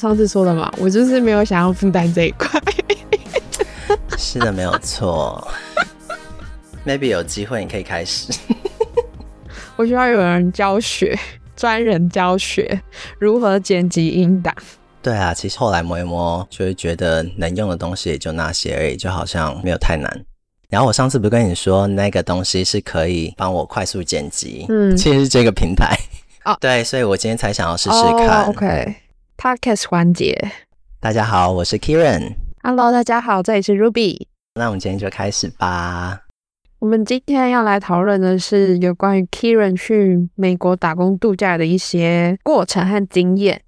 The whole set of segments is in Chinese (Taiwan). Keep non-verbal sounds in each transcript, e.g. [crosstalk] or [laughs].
上次說的嘛，我就是沒有想要負擔這一塊。 [laughs] 是的，沒有錯。Maybe 有機會你可以開始。 [laughs] 我喜歡有人教學，專人教學如何剪輯音檔。對啊，其實後來摸一摸，就是覺得能用的東西也就那些而已，就好像沒有太難。然後我上次不是跟你說那個東西是可以幫我快速剪輯？嗯，其實是這個平台。Oh. 對，所以我今天才想要試試看。Oh, OK。Podcast 環節，大家好，我是 Keiran。Hello，大家好，這裡是 Ruby。那我們今天就開始吧。我們今天要來討論的是有關於 Keiran 去美國打工度假的一些過程和經驗。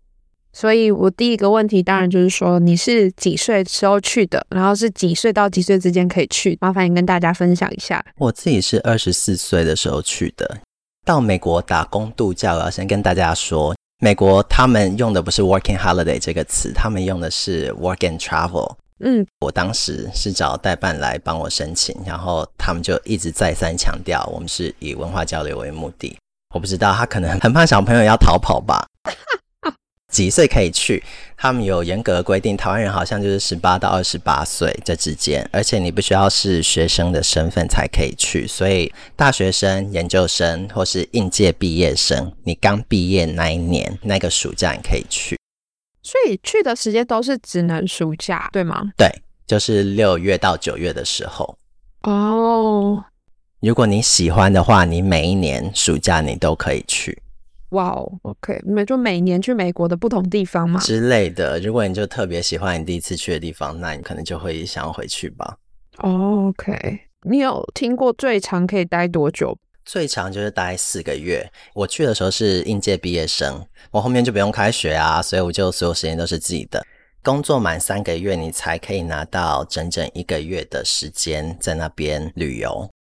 所以，我第一個問題當然就是說，你是幾歲時候去的？然後是幾歲到幾歲之間可以去？麻煩你跟大家分享一下。我自己是二十四歲的時候去的，到美國打工度假了。我要先跟大家說。美國他們用的不是 “working holiday” 這個詞，他們用的是 “work and travel”。嗯，我當時是找代辦來幫我申請，然後他們就一直再三強調，我們是以文化交流為目的。我不知道他可能很怕小朋友要逃跑吧。 [laughs] 幾歲可以去？他們有嚴格的規定，台灣人好像就是十八到二十八歲這之間，而且你不需要是學生的身份才可以去，所以大學生、研究生或是應屆畢業生，你剛畢業那一年那個暑假你可以去。所以去的時間都是只能暑假，對嗎？對，就是六月到九月的時候。哦。Oh，如果你喜歡的話，你每一年暑假你都可以去。哇、wow, 哦，OK，你們就每年去美國的不同地方嗎？之類的。如果你就特別喜歡你第一次去的地方，那你可能就會想要回去吧。Oh, OK，你有聽過最長可以待多久？最長就是待四個月。我去的時候是應屆畢業生，我後面就不用開學啊，所以我就所有時間都是自己的。工作滿三個月，你才可以拿到整整一個月的時間在那邊旅遊。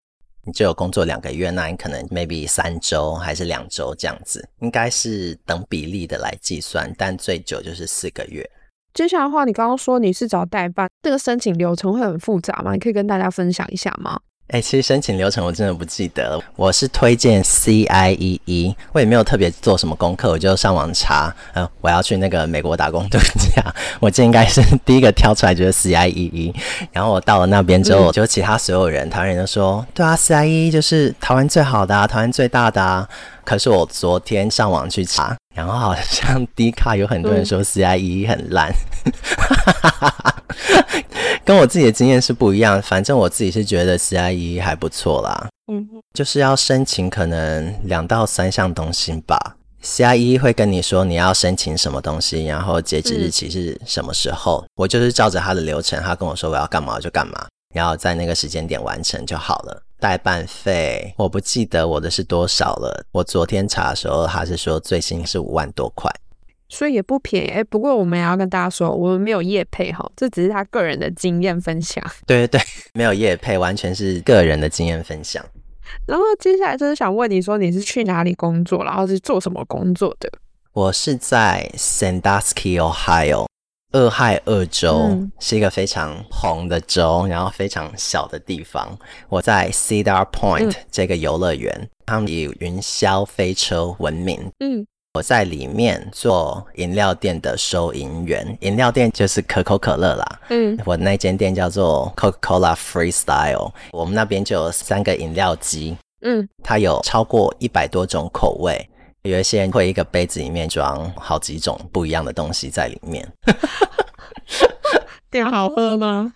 你只有工作兩個月，那你可能 maybe 三周還是兩周這樣子，應該是等比例的來計算，但最久就是四個月。接下來的話，你剛剛說你是找代辦，這個申請流程會很複雜嗎？你可以跟大家分享一下嗎？哎、欸，其實申請流程我真的不記得了。我是推薦 C I E E，我也沒有特別做什麼功課，我就上網查。嗯、呃，我要去那個美國打工，對不對呀？我這應該是第一個跳出來就是 C I E E。然後我到了那邊之後，就，就其他所有人，嗯、台灣人都說，對啊，C I E E 就是台灣最好的，啊，台灣最大的。啊。可是我昨天上網去查，然後好像 D 卡有很多人說 C I E E 很爛。哈哈哈哈。 [laughs] [laughs] 跟我自己的經驗是不一樣，反正我自己是覺得 CIEE 還不錯啦。嗯，就是要申請可能兩到三項東西吧。CIEE 會跟你說你要申請什麼東西，然後截止日期是什麼時候。嗯。我就是照着他的流程，他跟我說我要幹嘛就幹嘛，然後在那個時間點完成就好了。代辦費我不記得我的是多少了，我昨天查的時候他是說最新是五萬多塊。所以也不便宜哎，不過我們也要跟大家說，我們沒有業配哈，這只是他個人的經驗分享。對對對，沒有業配，完全是個人的經驗分享。然後接下來就是想問你說，你是去哪裡工作，然後是做什麼工作的？我是在 Sandusky, Ohio，俄亥俄州，嗯，是一個非常紅的州，然後非常小的地方。我在 Cedar Point，嗯，這個遊樂園，他們以雲霄飛車聞名。嗯。我在裡面做飲料店的收銀員，飲料店就是可口可樂啦。嗯，我的那間店叫做 Coca Cola Freestyle，我們那邊就有三個飲料機。嗯，它有超過一百多種口味，有一些人會一個杯子裡面裝好幾種不一樣的東西在裡面。 [laughs] 店好喝嗎？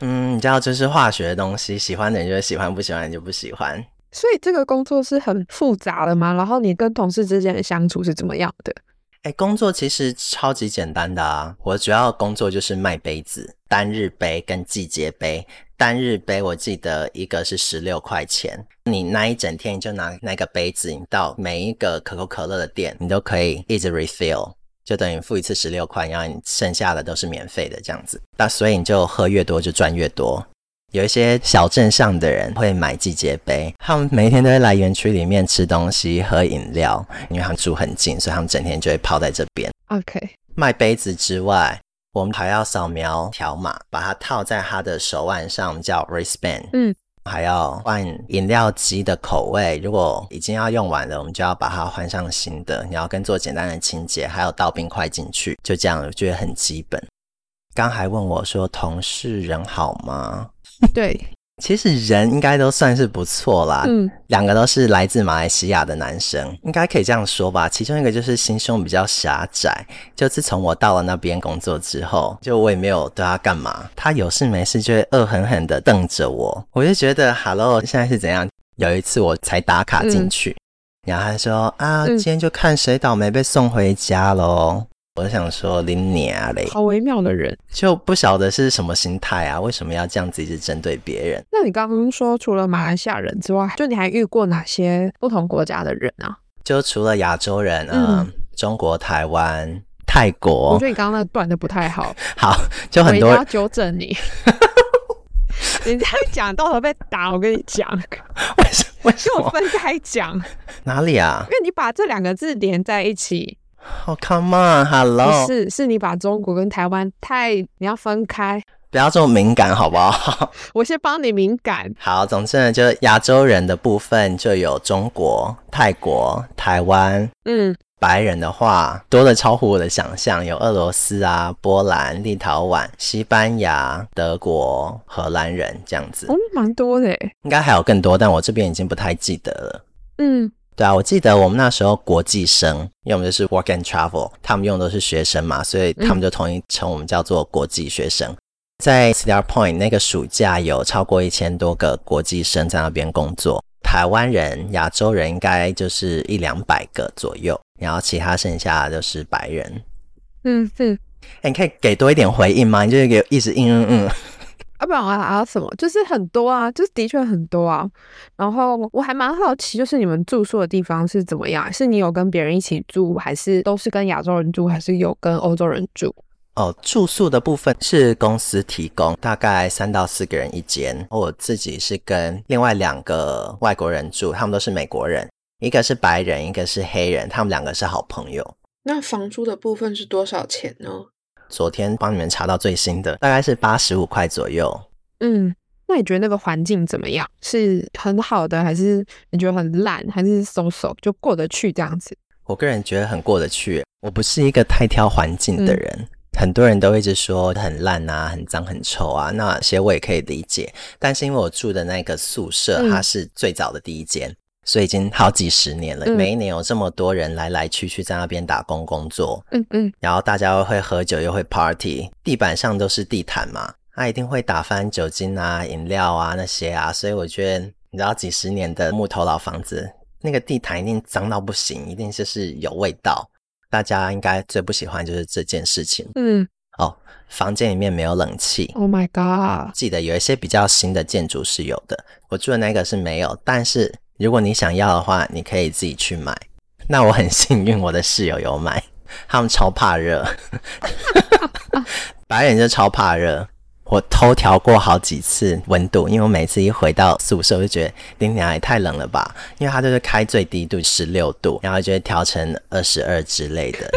嗯，你知道這、就是化學的東西，喜歡的人就喜歡，不喜歡的人就不喜歡。所以這個工作是很複雜的嗎？然後你跟同事之間的相處是怎麼樣的？哎、欸，工作其實超級簡單的啊！我主要的工作就是賣杯子，單日杯跟季節杯。單日杯我記得一個是十六塊錢，你那一整天你就拿那個杯子，你到每一個可口可樂的店，你都可以一直 refill，就等於付一次十六塊，然後你剩下的都是免費的這樣子。那所以你就喝越多就賺越多。有一些小鎮上的人會買季節杯，他們每天都會來園區裡面吃東西、喝飲料，因為他們住很近，所以他們整天就會泡在這邊。OK。賣杯子之外，我們還要掃描條碼，把它套在他的手腕上，叫 wristband。嗯。還要換飲料機的口味，如果已經要用完了，我們就要把它換上新的。然後跟做簡單的清潔，還有倒冰塊進去，就這樣，就覺得很基本。剛還問我說，同事人好嗎？對，其實人應該都算是不錯啦。嗯，兩個都是來自馬來西亞的男生，應該可以這樣說吧。其中一個就是心胸比較狹窄。就自從我到了那邊工作之後，就我也沒有對他幹嘛，他有事沒事就會惡狠狠的瞪着我。我就覺得，哈嘍，現在是怎樣？有一次我才打卡進去，嗯，然後他說，啊，嗯，今天就看誰倒霉被送回家嘍。我想說，林尼啊嘞，好微妙的人，就不曉得是什麼心態啊？為什麼要這樣子一直針對別人？那你剛剛說，除了馬來西亞人之外，就你還遇過哪些不同國家的人啊？就除了亞洲人啊、呃嗯，中國、台灣、泰國。我覺得你剛剛那斷的不太好， [laughs] 好，就很多人我要糾正你。 [laughs] [laughs] 你家講，到時候被打。我跟你講， [laughs] 為什麼？就 [laughs] 分開講哪裡啊？因為你把這兩個字連在一起。好、oh, come on，Hello，是，是你把中國跟台灣太你要分開，不要這麼敏感，好不好？ [laughs] 我先幫你敏感。好，總之呢，就亞洲人的部分就有中國、泰國、台灣，嗯，白人的話多得超乎我的想象，有俄羅斯啊、波蘭、立陶宛、西班牙、德國、荷蘭人這樣子，嗯、哦，蠻多的，應該還有更多，但我這邊已經不太記得了，嗯。對啊，我記得我們那時候國際生，因為我們就是 work and travel，他們用的都是學生嘛，所以他們就統一稱我們叫做國際學生。在 Cedar Point 那個暑假，有超過一千多個國際生在那邊工作，台灣人、亞洲人應該就是一兩百個左右，然後其他剩下的就是白人。嗯哼、欸，你可以給多一點回應嗎？你就給一直嗯嗯嗯。嗯嗯啊，不然我還想到什麼，就是很多啊，就是的確很多啊。然後我還蠻好奇，就是你們住宿的地方是怎麼樣？是你有跟別人一起住，還是都是跟亞洲人住，還是有跟歐洲人住？哦，住宿的部分是公司提供，大概三到四個人一間。我自己是跟另外兩個外國人住，他們都是美國人，一個是白人，一個是黑人，他們兩個是好朋友。那房租的部分是多少錢呢？昨天幫你們查到最新的，大概是八十五塊左右。嗯，那你覺得那個環境怎麼樣？是很好的，還是你覺得很爛，還是 so so 就過得去這樣子？我個人覺得很過得去。我不是一個太挑環境的人、嗯，很多人都一直說很爛啊，很髒，很臭啊。那些我也可以理解，但是因為我住的那個宿舍，它是最早的第一間。嗯。所以已經好幾十年了，每一年有這麼多人來來去去在那邊打工工作，嗯嗯，然後大家又會喝酒又會 party，地板上都是地毯嘛，啊，他一定會打翻酒精啊，飲料啊那些啊，所以我覺得你知道幾十年的木頭老房子，那個地毯一定髒到不行，一定就是有味道，大家應該最不喜歡就是這件事情。嗯，哦，房間裡面沒有冷氣。Oh my god！記得有一些比較新的建築是有的，我住的那個是沒有，但是。如果你想要的話，你可以自己去買。那我很幸運，我的室友有買，他們超怕熱， [laughs] 白人就超怕熱。我偷調過好幾次溫度，因為我每次一回到宿舍就覺得“今天啊，也太冷了吧。因為他就是開最低度十六度，然後就會調成二十二之類的。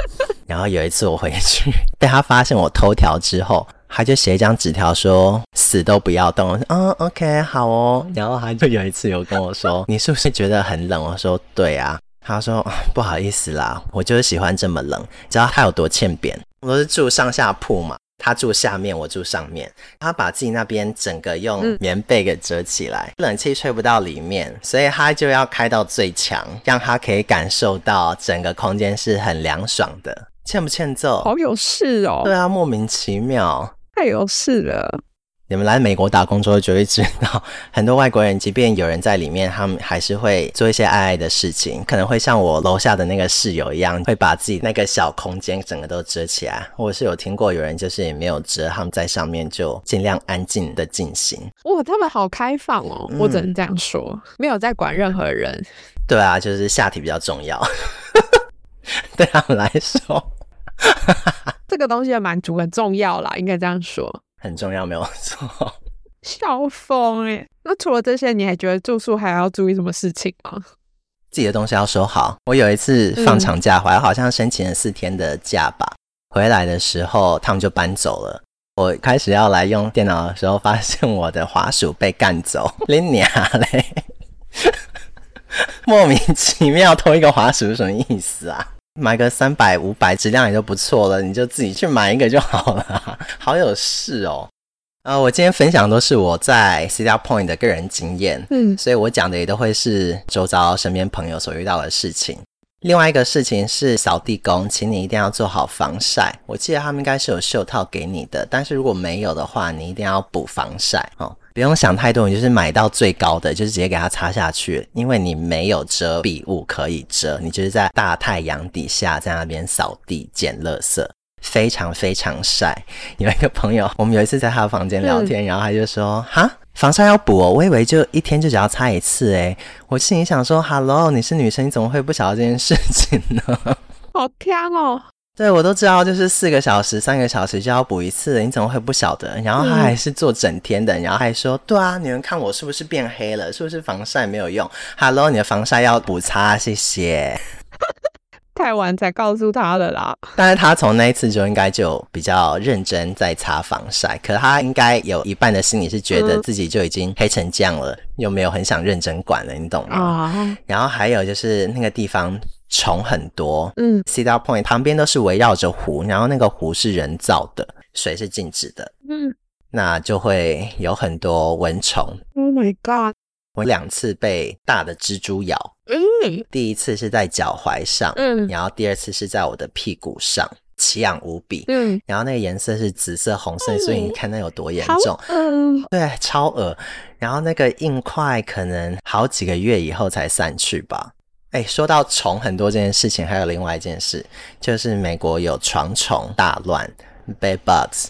然後有一次我回去被他發現我偷調之後。他就寫一張紙條說：“死都不要動。哦”嗯 OK 好哦。然後他就有一次有跟我說：“ [laughs] 你是不是覺得很冷？”我說：“對啊。”他說：“不好意思啦，我就是喜歡這麼冷。”你知道他有多欠扁？我是住上下鋪嘛，他住下面，我住上面。他把自己那邊整個用棉被給遮起來，嗯，冷氣吹不到裡面，所以他就要開到最強，讓他可以感受到整個空間是很涼爽的。欠不欠揍？好有事哦。對啊，莫名其妙。太有事了！你們來美國打工之後就會知道，很多外國人即便有人在裡面，他們還是會做一些愛愛的事情。可能會像我樓下的那個室友一樣，會把自己那個小空間整個都遮起來。我是有聽過有人就是也沒有遮，他們在上面就盡量安靜的進行。哇，他們好開放哦。嗯，我只能這樣說，沒有在管任何人。對啊，就是下體比較重要， [laughs] [laughs] 對他們來說。 [laughs] 這個東西的滿足很重要啦，應該這樣說。很重要，沒有錯。笑瘋哎、欸！那除了這些，你還覺得住宿還要注意什麼事情嗎？自己的東西要收好。我有一次放長假回來，嗯、好像申請了四天的假吧。回來的時候，他們就搬走了。我開始要來用電腦的時候，發現我的滑鼠被幹走，你娘嘞， [laughs] 莫名其妙偷一個滑鼠是什麼意思啊？買個三百五百，質量也就不錯了，你就自己去買一個就好了。好有事哦！啊、呃，我今天分享的都是我在 Cedar Point 的個人經驗，嗯，所以我講的也都會是周遭身邊朋友所遇到的事情。另外一個事情是掃地工，請你一定要做好防曬。我記得他們應該是有袖套給你的，但是如果沒有的話，你一定要補防曬哦。不用想太多，你就是買到最高的，就是直接給它擦下去。因為你沒有遮蔽物可以遮，你就是在大太陽底下在那邊掃地撿垃圾，非常非常曬。有一個朋友，我們有一次在他的房間聊天、嗯，然後他就說：“哈，防曬要補哦，我以為就一天就只要擦一次。”誒，我心裡想說：“Hello，你是女生，你怎麼會不曉得這件事情呢？”好天哦。對，我都知道，就是四個小時、三個小時就要補一次，你怎麼會不曉得？然後他還，還是做整天的，嗯，然後還說：“對啊，你們看我是不是變黑了？是不是防曬沒有用？”Hello，你的防曬要補擦，謝謝。太晚才告訴他了啦。但是他從那一次就應該就比較認真在擦防曬，可他應該有一半的心裡是覺得自己就已經黑成這樣了，又沒有很想認真管了，你懂嗎？哦，然後還有就是那個地方。蟲很多，嗯，Cedar Point 旁邊都是圍繞着湖，然後那個湖是人造的，水是靜止的，嗯，那就會有很多蚊蟲。Oh my god！我兩次被大的蜘蛛咬，嗯，第一次是在腳踝上，嗯，然後第二次是在我的屁股上，奇癢無比，嗯，然後那個顏色是紫色紅色，嗯、所以你看那有多嚴重，嗯，對，超惡，然後那個硬塊可能好幾個月以後才散去吧。哎，說到蟲很多這件事情，還有另外一件事，就是美國有床蟲大亂 b a d bugs）。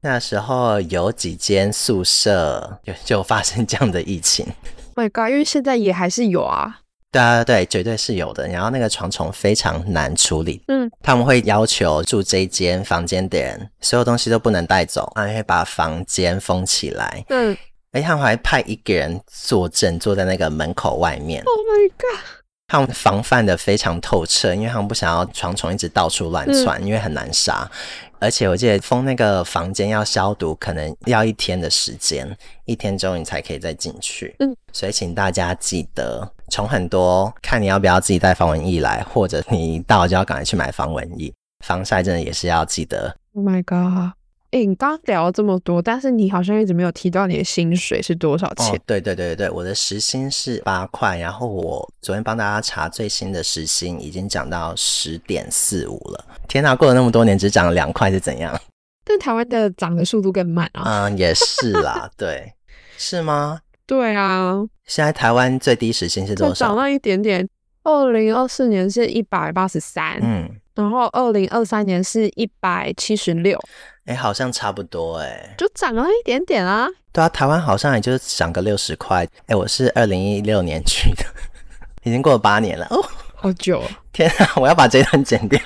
那時候有幾間宿舍就，就發生這樣的疫情。My God！因為現在也還是有啊。對啊，對，絕對是有的。然後那個床蟲非常難處理。嗯，他們會要求住這一間房間的人，所有東西都不能帶走，然後還會把房間封起來。嗯。哎，他們還會派一個人坐正坐在那個門口外面。Oh my God！他們防範的非常透徹，因為他們不想要床蟲一直到處亂竄，因為很難殺。嗯。而且我記得封那個房間要消毒，可能要一天的時間，一天之後你才可以再進去。嗯，所以請大家記得蟲很多，看你要不要自己帶防蚊液來，或者你一到就要趕快去買防蚊液。防曬真的也是要記得。Oh my god！哎、欸，你剛聊了這麼多，但是你好像一直沒有提到你的薪水是多少錢？哦、對對對對，我的時薪是八塊，然後我昨天幫大家查最新的時薪已經漲到十點四五了。天哪、啊，過了那麼多年，只漲了兩塊是怎樣？但台灣的漲的速度更慢啊。嗯，也是啦， [laughs] 對，是嗎？對啊，現在台灣最低時薪是多少？漲了一點點，二零二四年是一百八十三。嗯。然後，二零二三年是一百七十六。哎，好像差不多，欸，哎，就漲了一點點啊。對啊，台灣好像也就漲個六十塊。哎，欸，我是二零一六年去的， [laughs] 已經過了八年了，哦，好久。天啊，我要把這段剪掉。 [laughs]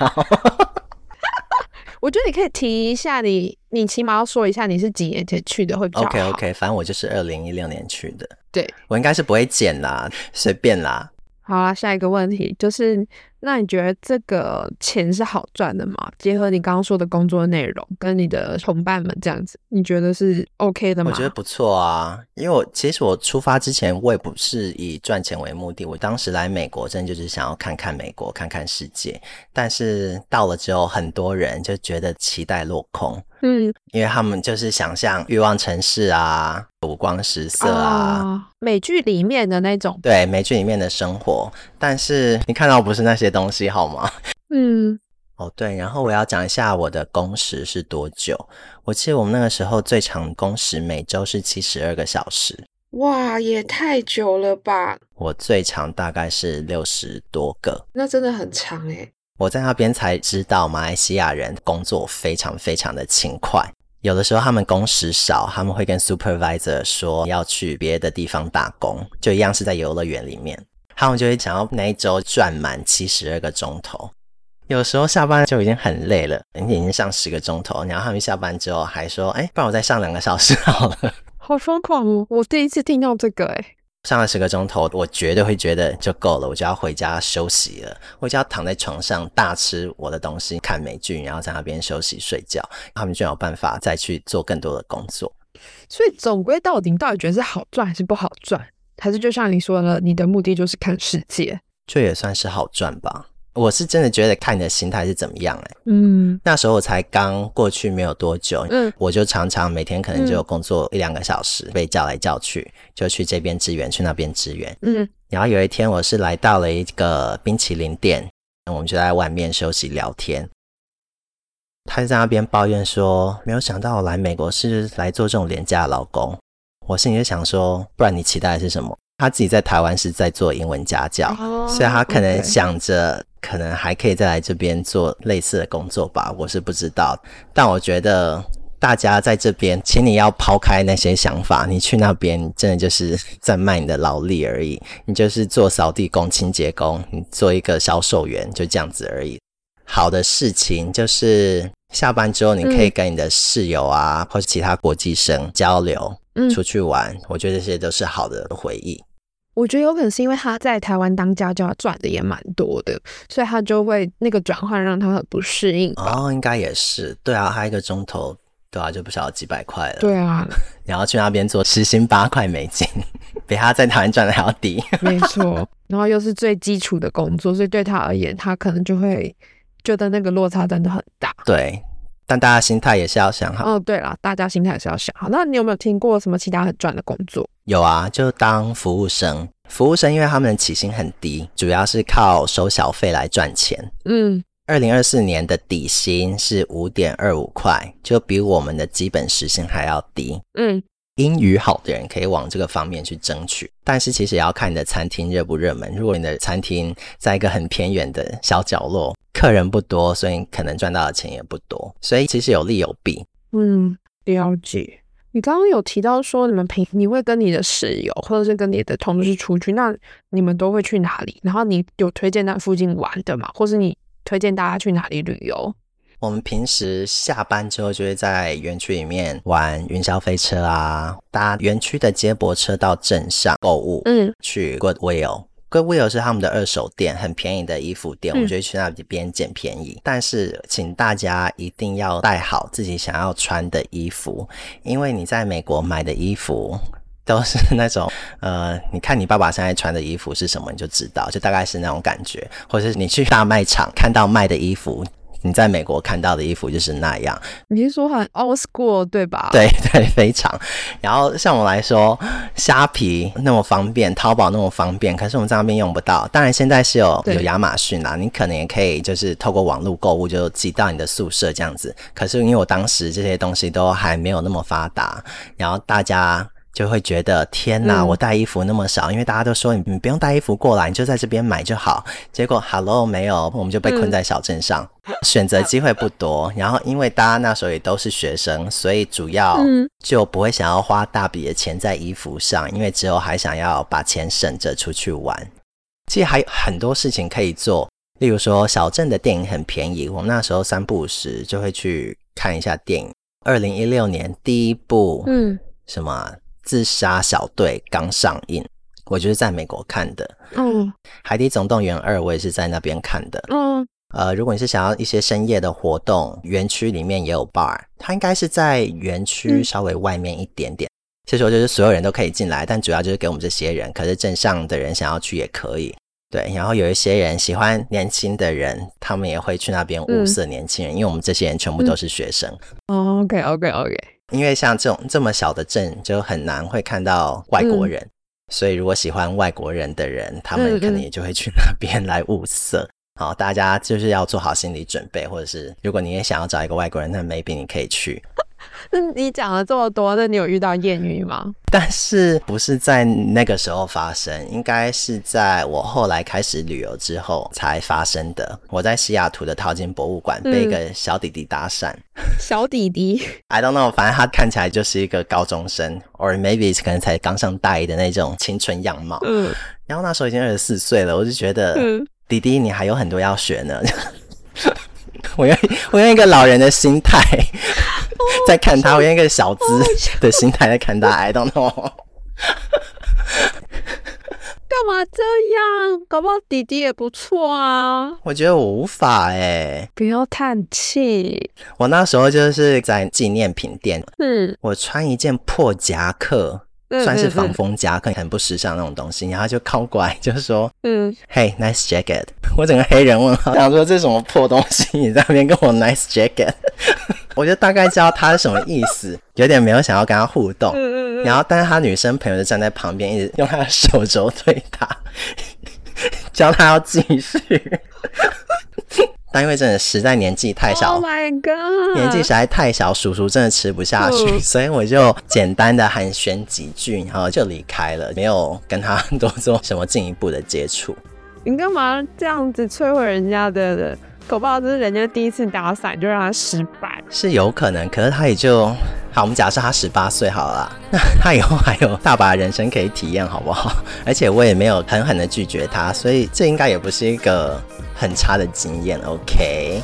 [laughs] 我覺得你可以提一下你，你起碼要說一下你是幾年前去的，會比較好。OK，OK，okay, okay, 反正我就是二零一六年去的。對，我應該是不會剪啦，隨便啦。好啦，下一個問題就是。那你覺得這個錢是好賺的嗎？結合你剛剛說的工作內容跟你的同伴們這樣子，你覺得是 OK 的嗎？我覺得不錯啊，因為我其實我出發之前我也不是以賺錢為目的，我當時來美國真的就是想要看看美國，看看世界。但是到了之後，很多人就覺得期待落空，嗯，因為他們就是想象欲望城市啊，五光十色啊，啊，美劇裡面的那種，對，美劇裡面的生活。但是你看到不是那些東西好嗎？嗯，哦，對，然後我要講一下我的工時是多久。我記得我們那個時候最長工時每週是七十二個小時。哇，也太久了吧？我最長大概是六十多個。那真的很長誒。我在那邊才知道，馬來西亞人工作非常非常的勤快。有的時候他們工時少，他們會跟 supervisor 說要去別的地方打工，就一樣是在遊樂園裡面。他們就會想要那一周賺滿七十二個鐘頭。有時候下班就已經很累了，哎、已經上十個鐘頭，然後他們下班之後還說：“哎，不然我再上兩個小時好了。”好瘋狂哦！我第一次聽到這個。哎，上了十個鐘頭，我絕對會覺得就夠了，我就要回家休息了，我就要躺在床上大吃我的東西，看美劇，然後在那邊休息睡覺。他們就有辦法再去做更多的工作。所以總歸到底，你到底覺得是好賺還是不好賺？還是就像你說的，你的目的就是看世界，這也算是好賺吧？我是真的覺得看你的心態是怎麼樣哎、欸。嗯，那時候我才剛過去沒有多久，嗯，我就常常每天可能就工作一兩個小時、嗯，被叫來叫去，就去這邊支援，去那邊支援，嗯。然後有一天，我是來到了一個冰淇淋店，然後我們就在外面休息聊天，他就在那邊抱怨說：“沒有想到我來美國是，是來做這種廉價勞工。”我心裡就想說，不然你期待的是什麼？他自己在台灣是在做英文家教，oh, okay. 所以他可能想着，可能還可以再來這邊做類似的工作吧。我是不知道，但我覺得大家在這邊，請你要拋開那些想法，你去那邊真的就是在賣你的勞力而已，你就是做掃地工、清潔工，你做一個銷售員，就這樣子而已。好的事情就是下班之後，你可以跟你的室友啊，嗯、或者其他國際生交流，嗯，出去玩。我覺得這些都是好的回憶。我覺得有可能是因為他在台灣當家教賺的也蠻多的，所以他就會那個轉換讓他很不適應。哦，應該也是。對啊，他一個鐘頭對啊就不曉得幾百塊了。對啊， [laughs] 然後去那邊做時薪八塊美金，比他在台灣賺的還要低。 [laughs] 沒錯，然後又是最基礎的工作，所以對他而言，他可能就會。覺得那個落差真的很大，對，但大家心態也是要想好。嗯、哦，對啦，大家心態也是要想好。那你有沒有聽過什麼其他很賺的工作？有啊，就當服務生。服務生因為他們的起薪很低，主要是靠收小費來賺錢。嗯，二零二四年的底薪是五點二五塊，就比我們的基本時薪還要低。嗯。英語好的人可以往這個方面去爭取，但是其實也要看你的餐廳熱不熱門。如果你的餐廳在一個很偏遠的小角落，客人不多，所以可能賺到的錢也不多。所以其實有利有弊。嗯，了解。你剛剛有提到說你們平，你會跟你的室友或者是跟你的同事出去，那你們都會去哪裡？然後你有推薦那附近玩的嗎？或是你推薦大家去哪裡旅遊？我們平時下班之後就會在園區裡面玩雲霄飛車啊，搭園區的接駁車到鎮上購物。嗯，去 Goodwill，Goodwill 是他們的二手店，很便宜的衣服店。我們就會去那邊撿便宜。嗯，但是，請大家一定要帶好自己想要穿的衣服，因為你在美國買的衣服都是那種……呃，你看你爸爸現在穿的衣服是什麼，你就知道，就大概是那種感覺。或者是你去大賣場看到賣的衣服。你在美國看到的衣服就是那樣，你是說很 old school 對吧？對對，非常。然後像我來說，蝦皮那麼方便，淘寶那麼方便，可是我們在那邊用不到。當然現在是有有亞馬遜啦，你可能也可以就是透過網絡購物就寄到你的宿舍這樣子。可是因為我當時這些東西都還沒有那麼發達，然後大家。就會覺得天哪，我帶衣服那麼少，因為大家都說你你不用帶衣服過來，你就在這邊買就好。結果 hello 沒有，我們就被困在小鎮上，選擇機會不多。然後因為大家那時候也都是學生，所以主要就不會想要花大筆的錢在衣服上，因為只有還想要把錢省着出去玩。其實還有很多事情可以做，例如說小鎮的電影很便宜，我們那時候三不五時就會去看一下電影。二零一六年第一部，嗯，什麼、啊？自殺小隊剛上映，我就是在美國看的。嗯、oh.，海底總動員二我也是在那邊看的。嗯、oh.，呃，如果你是想要一些深夜的活動，園區裡面也有 bar，它應該是在園區稍微外面一點點。其實我就是所有人都可以進來，但主要就是給我們這些人。可是鎮上的人想要去也可以。對，然後有一些人喜歡年輕的人，他們也會去那邊物色年輕人，mm. 因為我們這些人全部都是學生。哦、oh,，OK，OK，OK、okay, okay, okay.。因為像這種這麼小的鎮，就很難會看到外國人，嗯，所以如果喜歡外國人的人，他們可能也就會去那邊來物色。嗯嗯。好，大家就是要做好心理準備，或者是如果你也想要找一個外國人，那 maybe 你可以去。你講了這麼多，那你有遇到豔遇嗎？但是不是在那個時候發生，應該是在我後來開始旅遊之後才發生的。我在西雅圖的淘金博物館被一個小弟弟搭訕。嗯。小弟弟 [laughs] ，I don't know，反正他看起來就是一個高中生，or maybe it's 可能才剛上大一的那種青春樣貌。嗯。然後那時候已經二十四歲了，我就覺得，嗯。弟弟你還有很多要學呢。 [laughs] 我用我用一個老人的心態。 [laughs] 再看在看他，我用一個小資的心態在看他，I don't know，干嘛這樣？搞不好弟弟也不錯啊。我覺得我無法哎、欸。不要嘆氣。我那時候就是在紀念品店，是。我穿一件破夾克。算是防風夾克，可能很不時尚那種東西。然後就靠過來，就是說，嗯，Hey nice jacket。我整個黑人問號，想說這什麼破東西，你在那邊跟我 nice jacket。 [laughs] 我就大概知道他是什麼意思，有點沒有想要跟他互動。然後，但是他女生朋友就站在旁邊，一直用他的手肘推他，教他要繼續。 [laughs] 但因為真的實在年紀太小，Oh my God，年紀實在太小，叔叔真的吃不下去， [laughs] 所以我就簡單的寒暄幾句，然後就離開了，沒有跟他多做什麼進一步的接觸。你幹嘛這樣子摧毀人家，對對。搞不好，這是人家第一次搭訕就讓他失敗，是有可能。可是他也就好，我們假設他十八歲好了，那他以後還有大把的人生可以體驗，好不好？而且我也沒有狠狠地拒絕他，所以這應該也不是一個很差的經驗，OK。